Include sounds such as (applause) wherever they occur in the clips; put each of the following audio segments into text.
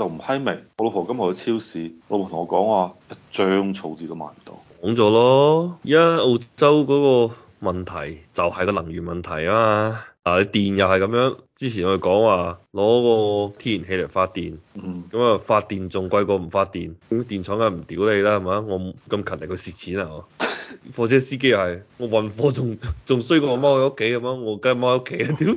就唔批明，我老婆今日去超市，老婆同我講話、啊、一張草紙都買唔到，講咗咯。依家澳洲嗰個問題就係、是、個能源問題嘛啊嘛，你電又係咁樣，之前我哋講話攞個天然氣嚟發電，咁啊、嗯、發電仲貴過唔發電，咁電廠梗係唔屌你啦，係嘛？我咁勤力去蝕錢啊我。貨車司機又係，我運貨仲仲衰過我踎喺屋企咁樣，我梗係踎喺屋企啦屌！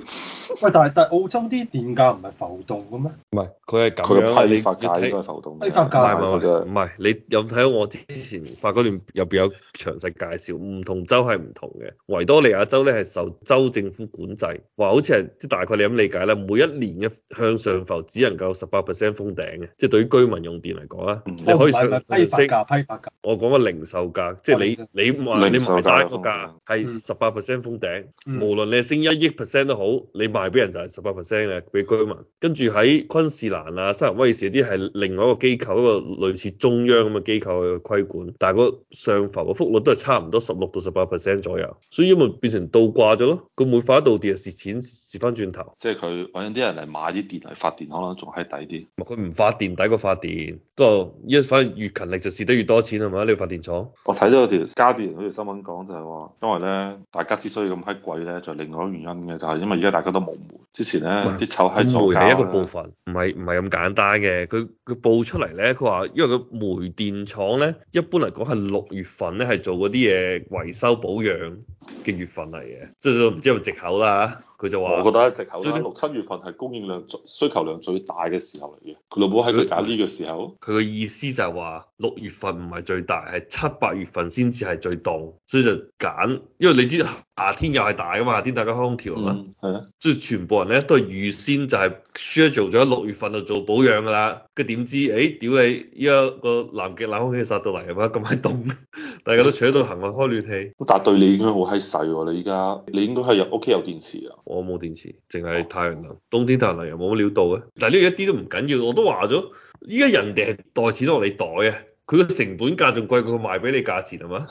喂，但係但係澳洲啲電價唔係浮動嘅咩？唔係，佢係咁樣，佢嘅批發價應該係浮動。批發價唔係，唔係，你有睇我之前發嗰段入邊有詳細介紹，唔同州係唔同嘅。維多利亞州咧係受州政府管制，話好似係即係大概你咁理解啦。每一年嘅向上浮只能夠十八 percent 封頂嘅，即係對於居民用電嚟講啦，嗯、你可以上批發價，批發價。我講緊零售價，即係你你。你買大個價係十八 percent 封頂，嗯、無論你升一億 percent 都好，你賣俾人就係十八 percent 嘅俾居民。跟住喺昆士蘭啊、西澳威士嗰啲係另外一個機構，一個類似中央咁嘅機構嘅規管。但係個上浮個幅率都係差唔多十六到十八 percent 左右。所以因為變成倒掛咗咯，佢每發一度電，就蝕錢蝕翻轉頭。即係佢揾啲人嚟買啲電嚟發,發電，可能仲係抵啲。佢唔發電抵過發電，都話一反正越勤力就蝕得越多錢係咪你呢個發電廠。我睇到條加電好似新聞講就係話，因為咧大家之所以咁閪貴咧，就另外一個原因嘅，就係因為而家大家都冇煤。之前咧啲臭閪造假，是煤係一個部分，唔係唔係咁簡單嘅。佢佢報出嚟咧，佢話因為佢煤電廠咧，一般嚟講係六月份咧係做嗰啲嘢維修保養嘅月份嚟嘅，即係都唔知有冇藉口啦佢就話，我覺得直口以六七月份係供應量需求量最大嘅時候嚟嘅。佢老冇喺佢搞呢個時候？佢嘅意思就係話六月份唔係最大，係七八月份先至係最凍，所以就揀。因為你知夏天又係大噶嘛，夏天大家開空調啊嘛，係啊、嗯。所以全部人咧都係預先就係 s c h e d e 咗六月份就做保養噶啦。佢點知？誒、哎，屌你！依個個南極冷空氣殺到嚟啊嘛，咁喺凍， (laughs) 大家都坐喺度行開暖氣。但係對你影響好閪細喎，你依家你應該係有屋企有電視啊。我冇電池，淨係太陽能。哦、冬天太陽能又冇乜料到嘅。但呢個一啲都唔緊要，我都話咗，依家人哋係袋錢落你袋啊，佢個成本價仲貴過佢賣俾你價錢係嘛？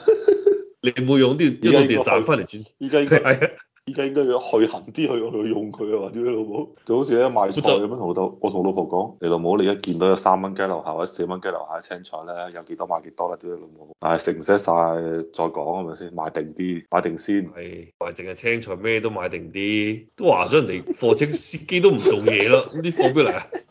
你唔會用啲啲電賺翻嚟轉。係啊。而家應該要去行啲去，我用佢啊！話你老母就好似咧賣菜咁樣，同我同老婆講就：，你老母，你一見到有三蚊雞樓下，或者四蚊雞樓下青菜咧，有幾多買幾多啦！你老母，唉，食唔食晒再講係咪先？買定啲，買定先，唔係淨係青菜，咩都買定啲，都話咗人哋貨車司機都唔做嘢啦，咁啲貨邊嚟？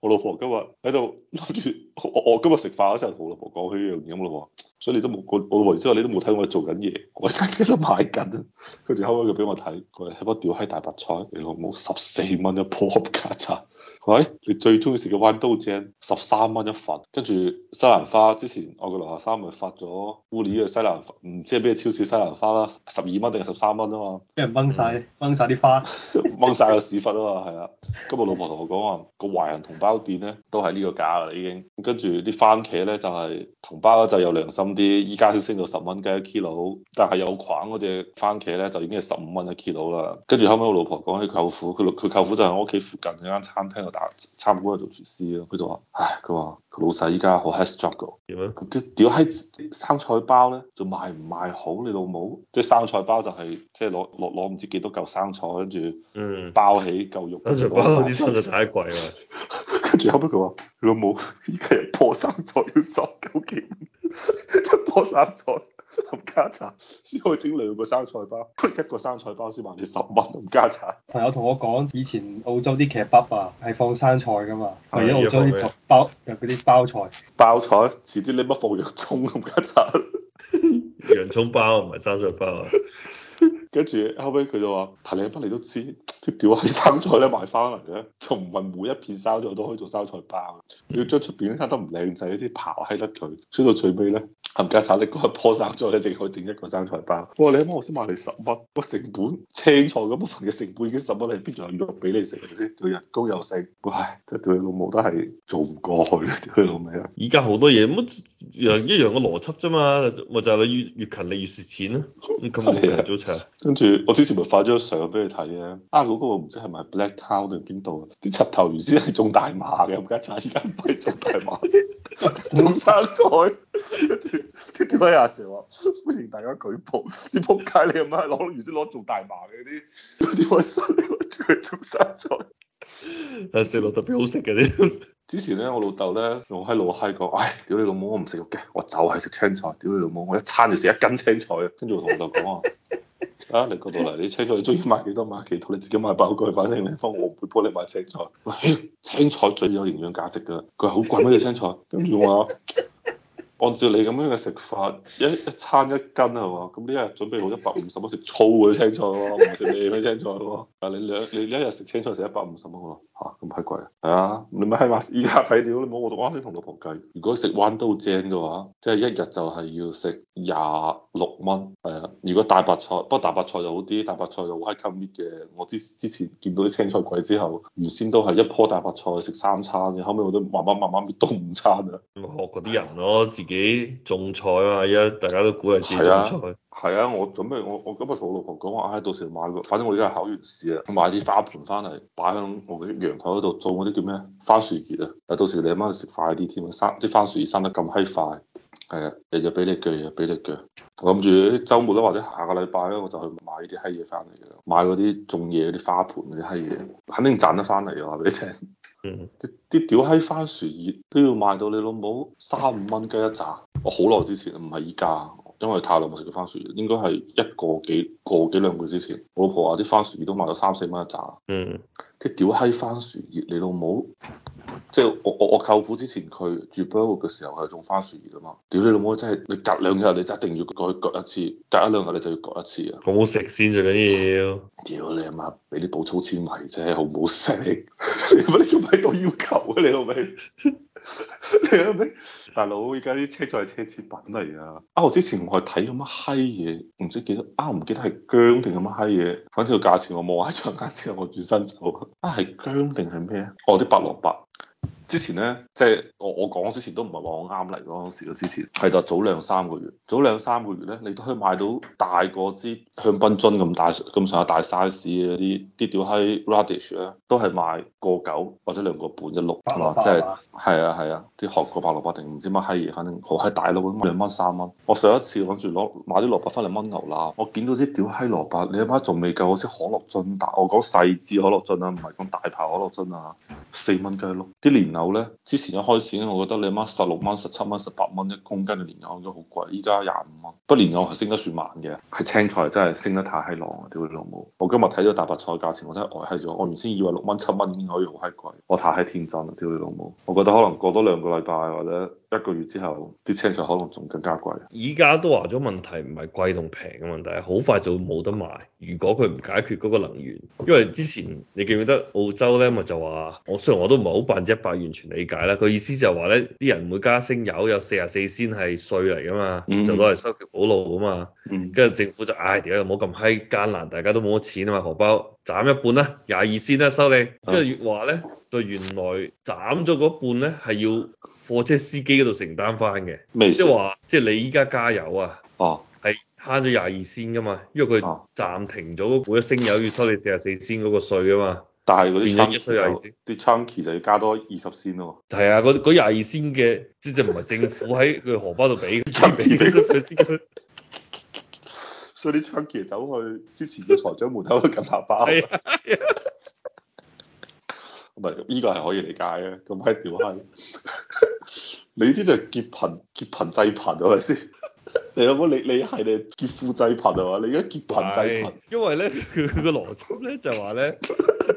我老婆今日喺度諗住，我今日食飯嗰陣同老婆講起呢樣嘢咁咯喎。老婆所以你都冇我，我老婆先你都冇睇我做緊嘢，我而家喺度買緊啊！佢仲後屘佢俾我睇，佢係乜屌吊大白菜，你老母十四蚊一破盒架咋？喂、哎，你最中意食嘅豌豆尖十三蚊一份，跟住西蘭花之前我個樓下三咪發咗烏尼嘅西蘭花，唔知係咩超市西蘭花啦，十二蚊定係十三蚊啊嘛？俾人掹晒，掹晒啲花，掹晒個屎忽啊嘛，係啊！今日老婆同我講話，個華人同胞店咧都係呢個價啦已經，跟住啲番茄咧就係、是、同胞就有良心。啲依家先升到十蚊嘅一 kilo 但係有款嗰隻番茄咧就已經係十五蚊一 kilo 啦。跟住後尾我老婆講起舅父，佢佢舅父就喺我屋企附近嗰間餐廳度打，差唔多又做廚師咯。佢就話：，唉，佢話佢老細依家好 hard struggle 點啊？咁點點喺生菜包咧就賣唔賣好？你老母即係生菜包就係、係、即係攞攞攞唔知幾多嚿生菜跟住嗯包起嚿肉嗯嗯，包啲生菜太貴啦。 (laughs) 跟住後尾佢話：佢老母呢家有破生菜，要十九件， (laughs) 一破生菜冚家茶，先 (laughs) 可以整兩個生菜包， (laughs) 一個生菜包先賣你十蚊，冚家茶。朋友同我講，以前澳洲啲茄包啊，係放生菜噶嘛，係啊，澳洲啲包入嗰啲包菜， (laughs) 包菜，遲啲你乜放洋葱冚家茶， (laughs) 洋葱包唔係生菜包啊。跟 (laughs) 住後尾，佢就話：提你翻你都知。掉喺生菜咧，買翻嚟嘅，就唔係每一片生菜都可以做生菜包嘅。嗯、要將出邊啲生得唔靚仔嗰啲刨喺甩佢，衰到最尾咧，冚家產你嗰日破生菜咧，淨可以整一個生菜包。哇！你阿媽我先買嚟十蚊，個成本青菜咁分嘅成本已經十蚊，你邊度有肉俾你食啊？先、就是、做人工又食，哇！即係對你老母都係做唔過去，對佢老味啊！而家好多嘢咁一樣嘅邏輯啫嘛，咪就係你越越勤你越蝕錢咯。咁你早醒 (laughs) 跟住我之前咪發咗相俾你睇嘅、啊啊啊嗰個唔知係咪 Black Town 定邊度啲七頭魚先係種大麻嘅，唔加差而家唔係種大麻， (laughs) 種生菜。點點解阿 Sir 話歡迎大家舉報？啲仆街你係咩攞魚先攞種大麻嘅啲？點解收你話種生菜？阿 Sir 話特別好食嘅啲。 (laughs) 之前咧，我爸爸呢老豆咧老嗨老嗨講，唉、哎，屌你老母，我唔食肉嘅，我就係食青菜。屌你老母，我一餐就食一斤青菜。跟住我同我老豆講話。 (laughs) 啊！你過度嚟，你青菜你鍾意買幾多買幾多，你自己買包攰，反正你幫我唔會幫你買青菜，哎。青菜最有營養價值㗎，佢話好貴咩？啲青菜，咁用啊！ (laughs) 按照你咁樣嘅食法，一一餐一斤係嘛？咁呢一日準備好一百五十蚊食粗嘅青菜喎，唔食你嘅青菜咯。你兩你一日食青菜食一百五十蚊喎，嚇咁閪貴啊！係啊，你咪係話而家睇料，你冇我啱先同老婆計，如果食豌豆正嘅話，即係一日就係要食廿六蚊。係啊，如果大白菜，不過大白菜就好啲，大白菜就好閪慳啲嘅。我之之前見到啲青菜鬼之後，原先都係一棵大白菜食三餐嘅，後尾我都慢慢慢慢搣到五餐啊。學嗰啲人咯，幾種菜啊，而家大家都估係四種菜。係啊，啊，我準備我我今日同我老婆講話，唉、哎，到時買個，反正我而家考完試啦，買啲花盆翻嚟擺喺我啲陽台嗰度種嗰啲叫咩番薯葉啊。啊，到時你阿媽食快啲添，生啲番薯葉生得咁閪快。係啊，日日俾你鋸，日日俾你鋸。我諗住周末啦，或者下個禮拜咧，我就去買啲閪嘢翻嚟啦。買嗰啲種嘢嗰啲花盆嗰啲閪嘢，肯定賺得翻嚟啊！話俾你聽。嗯，啲啲屌閪番薯葉都要賣到你老母三五蚊雞一紮。我好耐之前唔係依家。因為太耐冇食過番薯葉，應該係一個幾、個幾兩個月之前。我老婆話啲番薯葉都賣咗三四蚊一紮。嗯。啲屌閪番薯葉，你老母，即係我我我舅父之前佢住 b u i l 嘅時候係種番薯葉噶嘛。屌你老母真係，你隔兩日你就一定要割割一次，隔一兩日你就要割一次啊。好唔好食先最緊要。屌你阿媽，俾你補粗纖維啫，好唔好食？你唔係你咁喺度要求啊，你老味，你老味。大佬，而家啲車載係奢侈品嚟啊！啊、哦，我之前我係睇咗乜閪嘢，唔知幾多啊，唔、哦、記得係姜定咁乜閪嘢，反正個價錢我望冇買咗，之後我轉身走啊，係姜定係咩啊？我、哦、啲白蘿蔔。之前咧，即係我我講之前都唔係話我啱嚟嗰陣時咯。之前係就早兩三個月，早兩三個月咧，你都可以買到大嗰支香檳樽咁大咁上下大 size 嘅啲啲屌閪 radish 咧，都係賣個九或者兩個半一碌，係嘛？即係係啊係啊，啲韓國白蘿蔔定唔知乜閪嘢，反正好閪大佬。兩蚊三蚊。我上一次諗住攞買啲蘿蔔翻嚟燜牛腩，我見到啲屌閪蘿蔔，你阿媽仲未夠我啲可樂樽大，我講細支可樂樽啊，唔係講大排可樂樽啊，四蚊雞碌啲連。年有咧，之前一開始我覺得你掹十六蚊、十七蚊、十八蚊一公斤嘅蓮藕都好貴，依家廿五蚊。不過蓮藕係升得算慢嘅，係青菜真係升得太閪浪啊！屌你老母，我今日睇咗大白菜價錢我、呃，我真係呆閪咗。我原先以為六蚊七蚊已經可以好閪貴，我太閪天真啦！屌你老母，我覺得可能過多兩個禮拜或者，一個月之後，啲車就可能仲更加貴。依家都話咗問題唔係貴同平嘅問題，係好快就會冇得賣。如果佢唔解決嗰個能源，因為之前你記唔記得澳洲咧咪就話，我雖然我都唔係好百分之一百完全理解啦，佢意思就係話咧，啲人每加升油有四十四先係稅嚟㗎嘛，嗯、就攞嚟修橋補路㗎嘛，跟住、嗯、政府就唉，而家又冇咁閪艱難，大家都冇乜錢啊嘛，荷包。斬一半啦，廿二仙啦，收你。跟住越話咧，就原來斬咗嗰半咧係要貨車司機嗰度承擔翻嘅，即係話即係你依家加油啊，係慳咗廿二仙噶嘛，因為佢暫停咗每一升油要收你四十四仙嗰個稅啊嘛。但係一啲廿二仙，啲倉其實就要加多二十仙咯。係啊，嗰廿二仙嘅即就唔係政府喺佢荷包度俾？ (laughs) (laughs) 所以啲親戚走去之前嘅財長門口去撳喇叭，唔係，呢個係可以理解嘅，咁係點啊？ (laughs) 你啲就劫貧劫貧濟貧，係咪先？你有冇你你係你劫富濟貧啊嘛？你而家劫貧濟貧。因為咧，佢佢個邏輯咧就話咧，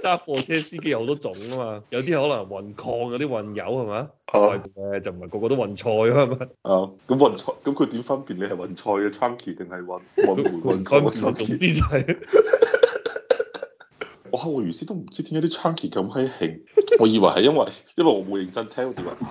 揸貨車司機有好多種啊嘛，有啲可能運礦運，有啲運油係嘛？啊，就唔係個個都運菜嘛啊，係咪？啊，咁運菜咁佢點分辨你係運菜嘅 chunky 定係運運煤運礦？唔知就係。 (laughs) (laughs) 哇！我原先都唔知點解啲 chunky 咁閪興，我以為係因為因為我冇認真聽點解。我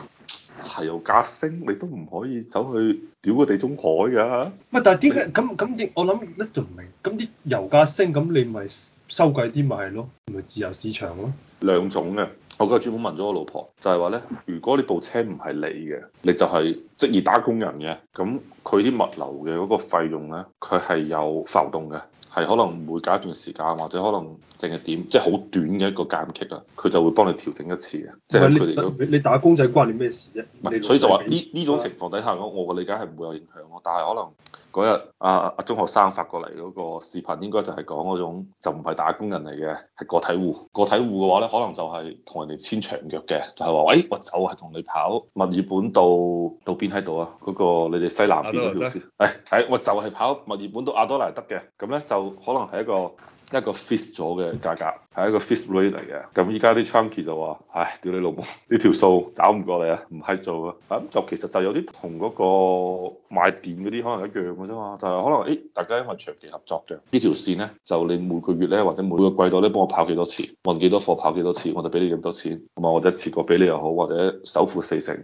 油價升，你都唔可以走去屌個地中海㗎，啊。唔係，但係點解咁咁啲？我諗一就唔明。咁啲油價升，咁你咪收貴啲咪係咯？咪自由市場咯。兩種嘅。我專門問咗我老婆，就係話咧，如果呢部車唔係你嘅，你就係職業打工人嘅，咁佢啲物流嘅嗰個費用咧，佢係有浮動嘅，係可能每隔一段時間，或者可能淨係點，即係好短嘅一個間隙啊，佢就會幫你調整一次嘅。即係佢哋，唔係你你打工仔關你咩事啫？唔係，所以就話呢呢種情況底下，我嘅理解係唔會有影響咯，但係可能。嗰日阿阿、啊、中學生發過嚟嗰個視頻，應該就係講嗰種就唔係打工人嚟嘅，係個體戶。個體戶嘅話呢，可能就係同人哋簽長約嘅，就係話喂，我就係同你跑墨爾本到到邊喺度啊？嗰、嗰個你哋西南邊嗰條線，係、哎、我就係跑墨爾本到亞多萊德嘅，咁呢，就可能係一個一個 fix 咗嘅價格。係一個 fixed rate 嚟嘅，咁依家啲 chunky 就話，唉，屌你老母，呢條數找唔過你啊，唔閪做啊！咁就其實就有啲同嗰個賣電嗰啲可能一樣嘅啫嘛，就係、是、可能誒、欸，大家因為長期合作嘅，呢條線咧就你每個月咧或者每個季度咧幫我跑幾多次，運幾多貨跑幾多次，我就俾你咁多錢，同埋我一次過俾你又好，或者首付四成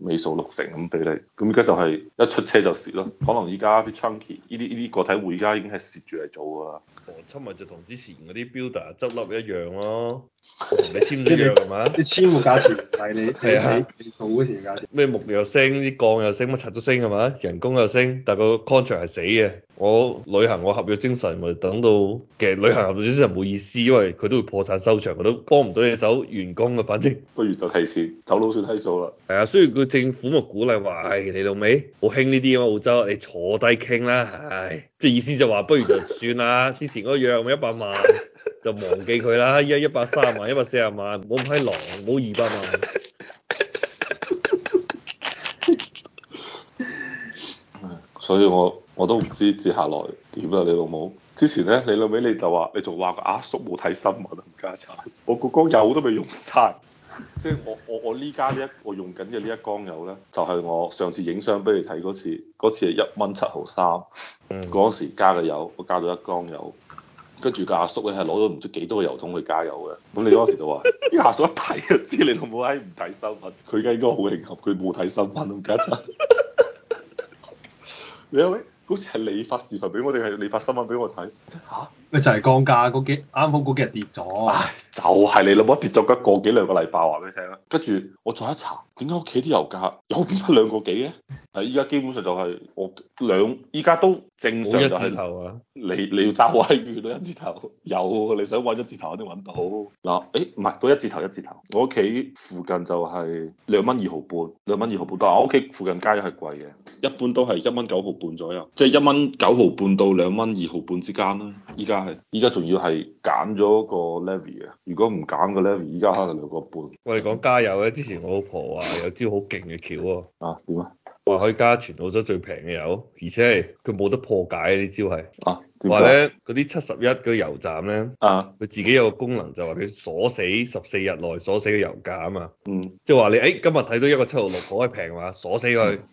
尾數六成咁俾你，咁依家就係一出車就蝕咯，可能依家啲 chunky 呢啲呢啲個體戶依家已經係蝕住嚟做㗎啦。哦，出埋就同之前嗰啲 builder 執笠。唔一樣咯，同你簽一樣係嘛？你簽個價錢係你係是啊你價錢你，好嘅時間。咩木料又升，啲鋼又升，乜柒都升係嘛？人工又升，但個 contract 係死嘅。我履行我合約精神，咪等到其實履行合約精神冇意思，因為佢都會破產收場，都幫唔到你手員工啊。反正不如就提前，走佬算低數啦。係啊，雖然佢政府咪鼓勵話，唉、哎，你到尾好興呢啲啊嘛，澳洲你坐低傾啦，唉，即係意思就話不如就算啦。 (laughs) 之前嗰個約咪一百萬。就忘記佢啦，一一百三萬、一百四十萬，冇咁閪狼，冇二百萬。 (laughs) (laughs) 所以我我都唔知接下來點啦，你老母。之前咧，你老味你就話，你仲話阿叔冇睇新聞，唔、啊、加產。我嗰缸油都未用晒。即係我我我呢家呢一我用緊嘅呢一缸油咧，就係、是、我上次影相俾你睇嗰次，嗰次係一蚊七毫三，嗰、嗯、時加嘅油，我加咗一缸油。跟住個阿叔咧係攞咗唔知幾多個油桶去加油嘅，咁你嗰時就話，呢個阿 (laughs) 叔一睇就知你老母喺唔睇新聞，佢梗係應該好慶幸，佢冇睇新聞唔得嘅，你啊喂，好似係你發視頻俾我哋，係你發新聞俾我睇？嚇、啊？咪就係降價嗰幾，啱好嗰幾日跌咗。唉，就係、是、你啦，冇跌咗嘅個幾兩個禮拜話俾你聽啦。跟住我再一查，點解屋企啲油價有變咗兩個幾嘅？係依家基本上就係我兩，依家都正常一字頭啊！你你要揸位住到一字頭有、啊、你想揾一字頭嗰啲揾到嗱，誒唔係嗰一字頭一字頭，我屋企、哎、附近就係兩蚊二毫半，兩蚊二毫半。但係我屋企附近街又係貴嘅，一般都係一蚊九毫半左右，即係一蚊九毫半到兩蚊二毫半之間啦。依家。依家仲要係減咗個 levy 嘅，如果唔減個 levy，依家可能兩個半。我哋講加油咧，之前我老婆話有招好勁嘅橋喎。啊，點啊？話可以加全澳洲最平嘅油，而且佢冇得破解呢招係。啊，點啊？話咧嗰啲七十一嗰油站咧，啊，啊，佢自己有個功能就話佢鎖死十四日內鎖死嘅油價啊嘛。嗯。即係話你，哎，今日睇到一個七六六可以平嘅話，鎖死佢。嗯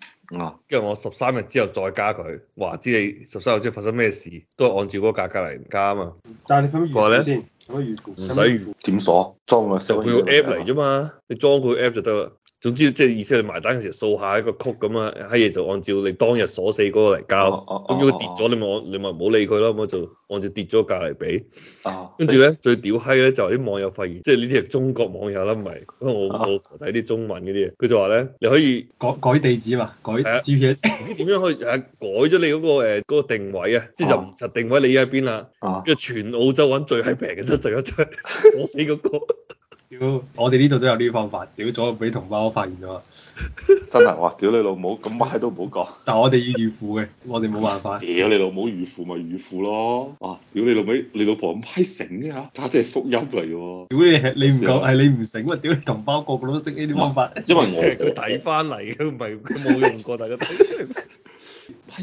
跟住、啊、我十三日之後再加佢，話知你十三日之後發生咩事，都係按照嗰個價格嚟加啊嘛。但係你可唔可以預告先？唔使點鎖裝啊！就佢個 app 嚟啫嘛，你裝佢 app 就得啦。總之即係意思，你埋單嘅時候掃下一個曲咁啊，閪嘢就按照你當日鎖死嗰個嚟交。咁、oh, oh, oh. 如果跌咗，你咪你咪唔好理佢咯，咁就，就按照跌咗價嚟俾。跟住咧最屌閪咧就係啲網友發現，即係呢啲係中國網友啦，唔係，因為我、oh. 我睇啲中文嗰啲嘢，佢就話咧你可以改改地址嘛，改 GPS，唔、啊、知點樣可以誒改咗你嗰、那個誒、那個、定位啊，即係就唔實定位你喺邊啦。哦。跟住全澳洲揾最閪平嘅七十一張鎖死嗰、那個。 (laughs) 屌，我哋呢度都有呢啲方法。屌，咗，就俾同胞發現咗 (laughs) 真係喎，屌你老母，咁閪都唔好講。 (laughs) 但係我哋要預付嘅，我哋冇辦法。 (laughs) 屌你老母，預付咪預付咯。哇、啊，屌你老母，你老婆咁閪醒啊？家即係福音嚟喎。屌你，你唔夠係你唔醒啊！屌你同胞，個個都識呢啲方法。因為我係佢睇翻嚟，唔係佢冇用過。大家睇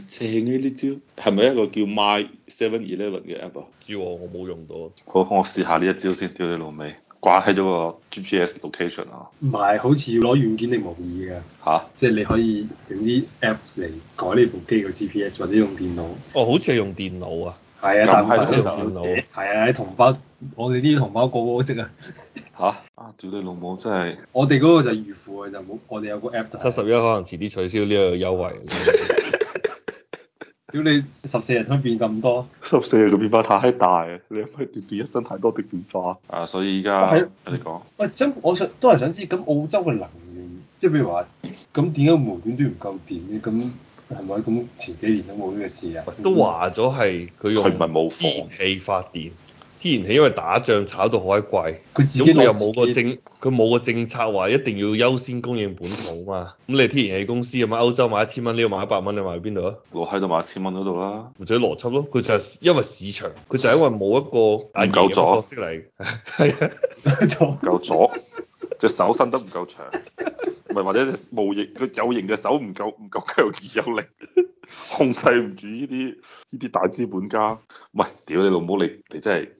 正呢招係咪一個叫 My Seven Eleven 嘅 app 啊？知 (laughs) 我我冇用到。好，用好，我試，試下呢一招先。屌你老味。掛喺咗個 GPS location 啊？唔係，好似要攞軟件嚟模擬嘅。吓、啊，即係你可以用啲 apps 嚟改呢部機個 GPS，或者用電腦。哦，好似係用電腦啊？係啊，但係唔係用電腦。係 Okay.、okay. 啊，啲同胞，我哋啲同胞個個都識啊！吓、啊？啊，屌你老母真係。我哋嗰個就預付嘅，就冇。我哋有個 app。七十一可能遲啲取消呢個優惠。 (laughs) 屌你十四日可以變咁多？十四日嘅變化太大啊，你係咪短短一生太多啲變化啊？所以依家，你講是，喂，想我想都係想知，咁澳洲嘅能源，即係譬如話，咁點解無端端唔夠電咧？咁係咪咁前幾年都冇呢個事啊？都話咗係佢用咪冇放氣發電。天然氣因為打仗炒到好閪貴，咁佢又冇個政，佢冇個政策話一定要優先供應本土啊嘛。咁 (laughs) 你天然氣公司喺歐洲賣一千蚊，你要賣一百蚊，你賣去邊度啊？我喺度賣一千蚊嗰度啦。或者邏輯咯，佢就係因為市場，佢就係因為冇一個夠左。角色嚟嘅，係啊，錯。唔夠左隻 (laughs) 手伸得唔夠長，唔 (laughs) 或者隻無形佢有形嘅手唔夠唔夠強而有力，控制唔住呢啲依啲大資本家。唔係，屌你老母，你真你真係～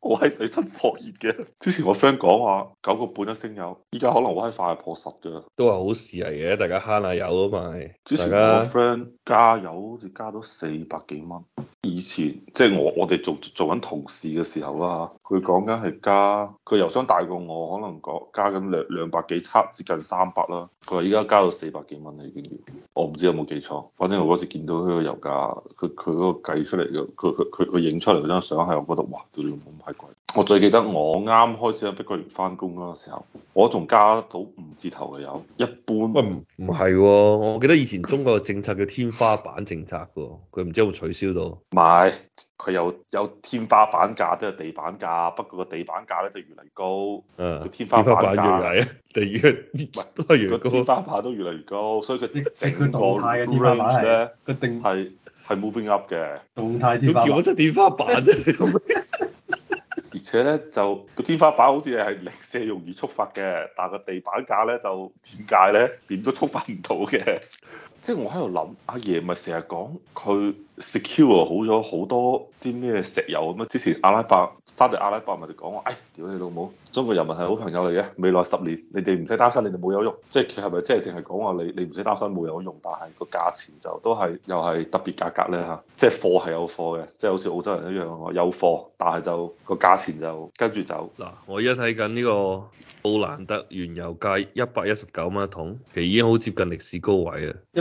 我係死心破熱嘅，之前我 friend 講話九個半一升油，依家可能我喺快係破十嘅，都係好事嚟、啊、嘅，大家慳下油啊嘛。之前我 friend 加油好似加咗四百幾蚊，以前即係、就是、我我哋做做緊同事嘅時候啦，佢講緊係加，佢油箱大過我，可能講加緊兩兩百幾，差接近三百啦。佢話依家加到四百幾蚊已經要，我唔知有冇記錯，反正我嗰時見到佢個油價，佢佢嗰個計出嚟嘅，佢佢佢佢影出嚟嗰張相係，我覺得哇，屌你老我最記得我啱開始喺碧桂園翻工嗰個時候，我仲加到五字頭嘅油，一般唔唔係喎，我記得以前中國政策叫天花板政策嘅喎，佢唔知有冇取消到，唔佢有有天花板價即係地板價，不過個地板價咧就越嚟高，嗯，天花，天花板越嚟越，地越是都係越高，天花板都越嚟越高，所以佢成個 range 咧一定係係 moving up 嘅，動態天花板，佢叫我出天花板啫。而且咧就個天花板好似係零舍容易觸發嘅，但係個地板架咧就點解咧點都觸發唔到嘅？即係我喺度諗，阿爺咪成日講佢 secure 好咗好多啲咩石油咁啊！之前阿拉伯沙特阿拉伯咪就講話，哎，屌你老母，中國人民係好朋友嚟嘅，未來十年你哋唔使擔心，你哋冇油用。即係佢係咪即係淨係講話你你唔使擔心冇油用，但係個價錢就都係又係特別價格咧嚇。即係貨係有貨嘅，即係好似澳洲人一樣有貨，但係就個價錢就跟住走。嗱，我而家睇緊呢個奧蘭德原油價，一百一十九蚊一桶，其實已經好接近歷史高位啊！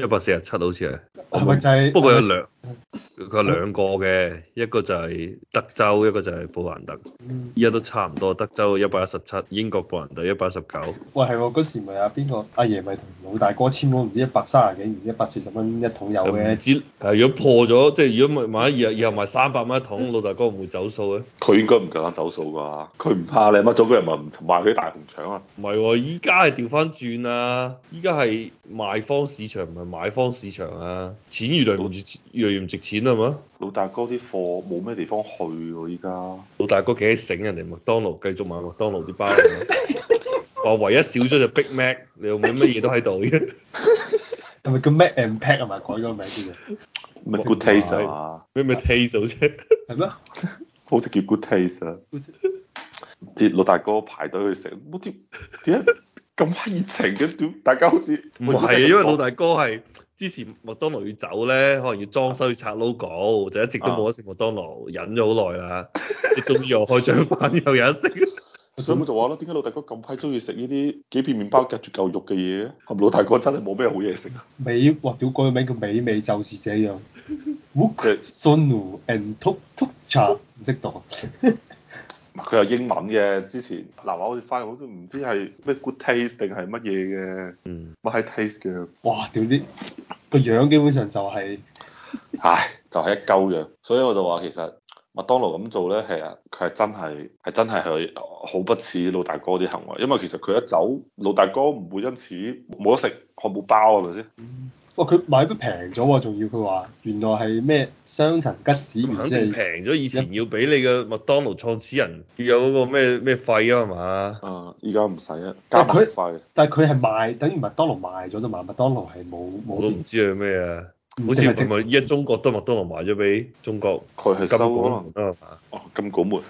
一百四十七好似係，係唔，係就係，不過有兩，佢、啊、有兩個嘅，一個就係德州，一個就係布蘭特。依家、嗯、都差唔多，德州一百一十七，英國布蘭特一百一十九。喂係喎，嗰時咪阿邊個阿爺咪同老大哥簽咗唔知一百三十幾，一百四十蚊一桶油嘅。唔知如果破咗，即係如果咪一以以後賣三百蚊一桶，嗯、老大哥會唔會走數咧？佢應該唔夠膽走數㗎，佢唔怕你乜？早幾日咪唔賣佢啲大紅腸啊？唔係喎，依家係調翻轉啊！依家係賣方市場唔係。唔買方市場啊，錢越嚟老越唔值錢啊。嘛。老大哥啲貨冇咩地方去喎，依家。老大哥企喺醒人哋麥當勞，繼續買麥當勞啲包、啊。話 (laughs) 唯一少咗就 Big Mac，你又冇乜嘢都喺度。係咪 (laughs) 叫 Mac and Pack 啊？嘛改咗個名啲咩 Good Taste (laughs) 啊？咩咩 Taste 啫？係咩？好似叫 Good Taste 啊？啲 (laughs) (laughs) 老大哥排隊去食，咁閪熱情嘅，屌大家好似唔係，因為老大哥係之前麥當勞要走咧，可能要裝修要拆 logo，就一直都冇得食麥當勞，忍咗好耐啦。你終於又開張翻，又有得食。所以我就話咯，點解老大哥咁快中意食呢啲幾片麵包夾住嚿肉嘅嘢？咁老大哥真係冇咩好嘢食啊？美，哇屌嗰個名叫美味就是這樣。唔識讀。佢有英文嘅，之前嗱我好似翻嚟，好似唔知係咩 good taste 定係乜嘢嘅，唔 high taste 嘅。哇！屌啲個樣基本上就係、是， (laughs) 唉，就係、是、一鳩嘅。所以我就話其實麥當勞咁做咧，係啊，佢係真係係真係佢好不似老大哥啲行為，因為其實佢一走，老大哥唔會因此冇得食漢堡包啊，係咪先？哇！佢、哦、買都平咗喎，仲要佢話原來係咩雙層吉士，唔知平咗以前要俾你嘅麥當勞創始人要有嗰個咩咩費啊嘛？啊！依家唔使啊，他加百塊。但係佢係賣，等於麥當勞賣咗啫嘛。麥當勞係冇冇。我都唔知係咩啊，好似唔係依家中國都麥當勞賣咗俾中國，金國，佢係收金門啊。哦，金拱門，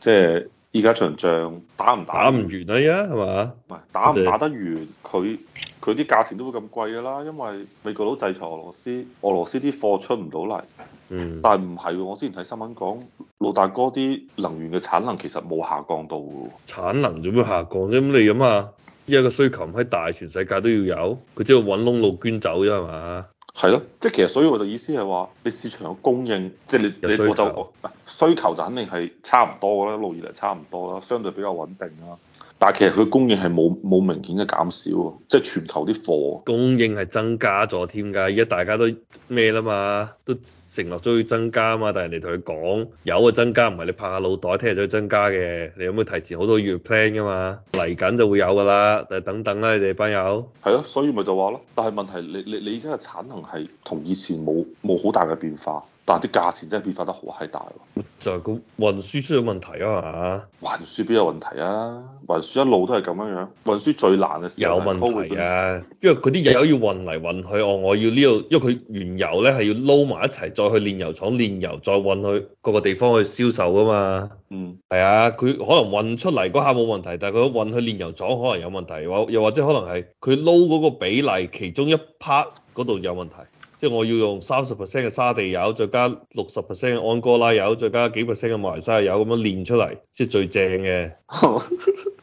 即係。而家場仗打唔打唔完啊，依家係嘛？唔係打唔打得完，佢佢啲價錢都會咁貴㗎啦，因為美國佬制裁俄羅斯，俄羅斯啲貨出唔到嚟。嗯。但係唔係喎，我之前睇新聞講，老大哥啲能源嘅產能其實冇下降到㗎喎，產能做咩下降啫？咁你諗下，依家個需求喺大全世界都要有，佢只係搵窿路捐走啫係嘛？係咯，即係其實所以我就意思係話，你市場有供應，即係你你我就需求就肯定係差唔多噶啦，一路以嚟差唔多啦，相對比較穩定啦。但係其實佢供應係冇冇明顯嘅減少，即係全球啲貨供應係增加咗添㗎。而家大家都咩啦嘛，都承諾都要增加啊嘛。但係人哋同你講有啊增加，唔係你拍下腦袋聽日就增加嘅。你有冇提前好多月 plan 㗎嘛？嚟緊就會有㗎啦。誒等等啦，你哋班友係咯，所以咪就話咯。但係問題你，你你你依家嘅產能係同以前冇冇好大嘅變化。但啲價錢真係變化得好閪大喎，就係個運輸出咗問題啊嘛，運輸邊有問題啊？運輸一路都係咁樣樣，運輸最難嘅時候。有問題啊，因為佢啲嘢油要運嚟運去，我我要呢度，因為佢原油咧係要撈埋一齊再去煉油廠煉油，再運去各個地方去銷售㗎嘛。嗯。係啊，佢可能運出嚟嗰下冇問題，但係佢運去煉油廠可能有問題，又或者可能係佢撈嗰個比例其中一 part 嗰度有問題。即係我要用三十 percent 嘅沙地油，再加六十 percent 嘅安哥拉油，再加幾 percent 嘅馬來西亞油，咁樣練出嚟，即係最正嘅。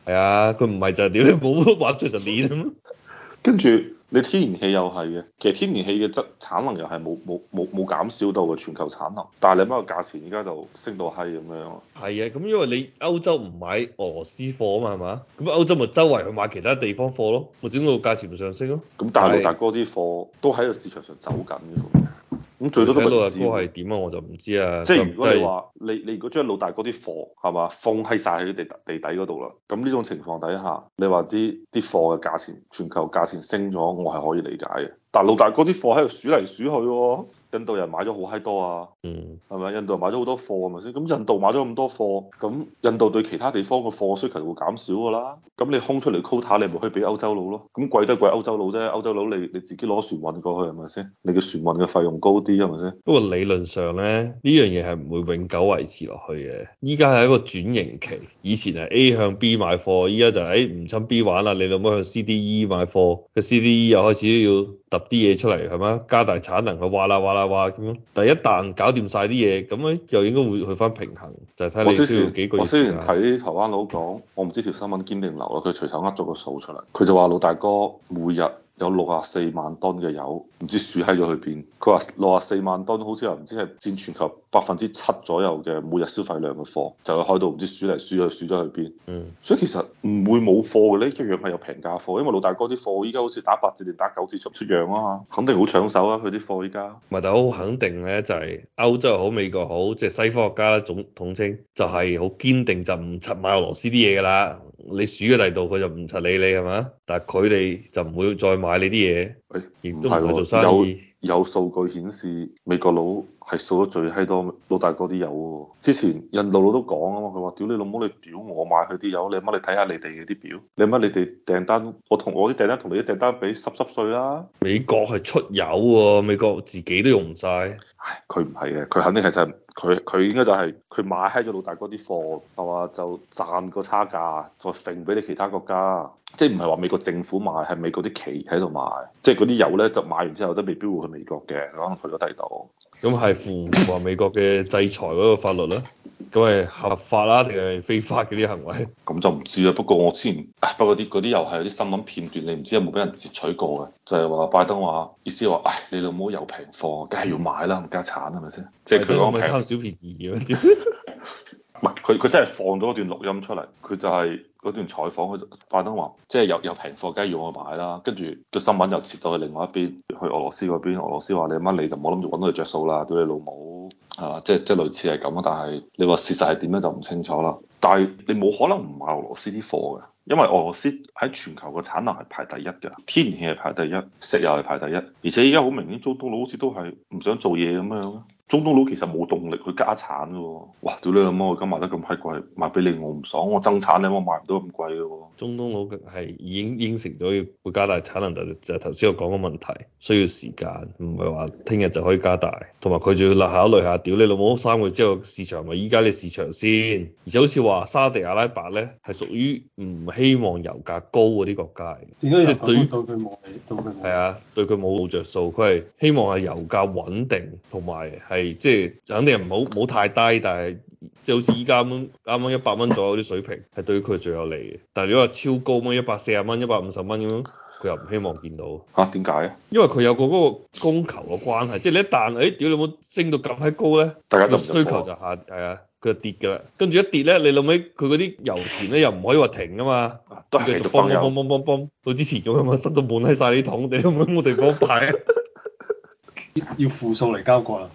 係啊， (laughs) 佢唔係就係屌你冇乜玩， (laughs) 著就練啊嘛。跟住。你天然氣又係嘅，其實天然氣嘅質產能又係冇冇冇冇減少到嘅全球產能，但係你乜嘅價錢而家就升到係咁樣。係啊，咁因為你歐洲唔買俄羅斯貨啊嘛，係嘛？咁歐洲咪周圍去買其他地方貨咯，咪整個價錢咪上升咯。咁大陸大哥啲貨都喺個市場上走緊嘅。咁最多都唔知，老大哥係點啊？我就唔知啊。即係係咪如果你話你你如果將老大哥啲貨係嘛放喺晒喺地地底嗰度啦，咁呢種情況底下，你話啲啲貨嘅價錢全球價錢升咗，我係可以理解嘅。但係老大哥啲貨喺度數嚟數去，哦。印度人買咗好閪多啊，係咪、嗯？印度人買咗好多貨，係咪先？咁印度買咗咁多貨，咁印度對其他地方嘅貨需求會減少㗎啦。咁你空出嚟 quota，你咪可以俾歐洲佬咯。咁貴都貴歐洲佬啫，歐洲佬你你自己攞船運過去係咪先？你嘅船運嘅費用高啲係咪先？是不過理論上咧，呢樣嘢係唔會永久維持落去嘅。依家係一個轉型期，以前係 A 向 B 買貨，依家就喺、是、唔、哎、親 B 玩啦。你老母向 CDE 買貨，個 CDE 又開始要。拾啲嘢出嚟係嘛，加大產能去挖啦挖啦挖，咁樣。但係一旦搞掂晒啲嘢，咁樣又應該會去翻平衡，就係睇你需要幾個月我。我雖然睇台灣佬講，我唔知條新聞堅定流啊，佢隨手呃咗個數出嚟，佢就話：「老大哥每日。有六啊四萬噸嘅油，唔知輸喺咗去邊？佢話六啊四萬噸，好似又唔知係佔全球百分之七左右嘅每日消費量嘅貨，就開到唔知輸嚟，輸去，輸咗去邊？嗯，所以其實唔會冇貨嘅呢，一樣係有平價貨，因為老大哥啲貨依家好似打八折定打九折出出樣啊嘛，肯定好搶手啊！佢啲貨依家唔係，但好肯定咧，就係、是、歐洲好、美國好，即、就、係、是、西方國家總統稱就係、是、好堅定，就唔出買俄羅斯啲嘢㗎啦。你數嘅嚟度，佢就唔實理你係嘛？但係佢哋就唔會再買你啲嘢。唔係，哎、有有數據顯示美國佬係數得最閪多，老大哥啲油喎。之前印度佬都講啊嘛，佢話：屌你老母，你屌我買佢啲油，你乜你睇下你哋嗰啲表，你乜你哋訂單，我同我啲訂單同你啲訂單比濕濕碎啦，啊。美國係出油喎，啊，美國自己都用唔晒。唉，哎，佢唔係嘅，佢肯定係就係佢佢應該就係，是，佢買閪咗老大哥啲貨，係嘛？就賺個差價，再揈俾你其他國家。即係唔係話美國政府買，係美國啲企業喺度買，即係嗰啲油咧就買完之後都未必會去美國嘅，可能去咗第二度。咁係符合美國嘅制裁嗰個法律咧？咁係合法啦、啊，定係非法嗰啲行為？咁就唔知啦。不過我之前，不過啲嗰啲又係有啲新聞片段，你唔知有冇俾人截取過嘅，就係、是、話拜登話意思話，誒你老母有平貨，梗係要買啦，加產係咪先？即係佢我咪貪小便宜嘅、啊？ (laughs) 佢佢真係放咗段錄音出嚟，佢就係嗰段採訪，佢就拜登話，即係又又平貨，梗係要我買啦。跟住個新聞又切到去另外一邊，去俄羅斯嗰邊，俄羅斯話你乜你就冇諗住揾到佢着數啦，對你老母係、啊、即係即係類似係咁咯。但係你話事實係點樣就唔清楚啦。但係你冇可能唔買俄羅斯啲貨㗎，因為俄羅斯喺全球嘅產能係排第一㗎，天然氣係排第一，石油係排第一，而且依家好明顯，總統佬好似都係唔想做嘢咁樣。中東佬其實冇動力去加產喎，哇屌你老母，我而家賣得咁閪貴，賣俾你我唔爽，我增產你我賣唔到咁貴噶喎。中東佬嘅係已經應承咗要會加大產能，但就頭先我講個問題，需要時間，唔係話聽日就可以加大，同埋佢仲要諗考慮下，屌你老母三個月之後市場咪依家嘅市場先。而且好似話沙地阿拉伯咧係屬於唔希望油價高嗰啲國家，即係對於對佢冇係佢係啊，對佢冇着數，佢係希望係油價穩定同埋係。係即係肯定唔好唔好太低，但係即係好似依家咁啱啱一百蚊左右啲水平，係 (laughs) 對於佢最有利嘅。但係如果話超高咁一百四十蚊、一百五十蚊咁樣，佢又唔希望見到嚇點解？啊、為因為佢有個嗰個供求嘅關係，即係你一彈，誒、哎、屌你冇升到咁閪高咧，個需求就下跌啊，佢就跌㗎啦。跟住一跌咧，你諗起佢嗰啲油田咧又唔可以話停㗎嘛，都係是繼續泵泵到之前咁嘛，塞到滿喺晒啲桶地，你冇地方擺啊！要負數嚟交割啊！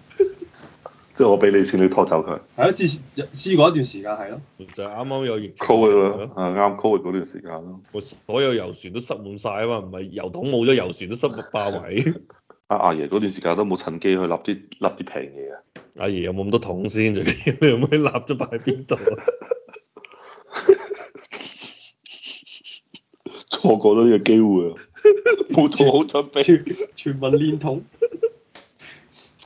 即係我俾你錢，你拖走佢。係啊，之前試過一段時間係咯，就係啱啱有熱。c o o 嘅咯，係啱 c o 嘅嗰段時間咯。我所有油船都塞滿晒啊嘛，唔係油桶冇咗，油船都塞爆位。阿阿、 (laughs) 啊、爺嗰段時間都冇趁機去、啊、有有 (laughs) 立啲揦啲平嘢啊！阿爺有冇咁多桶先？你你有冇立咗擺喺邊度啊？錯過咗呢個機會，冇桶好準備。全民煉桶。 (laughs)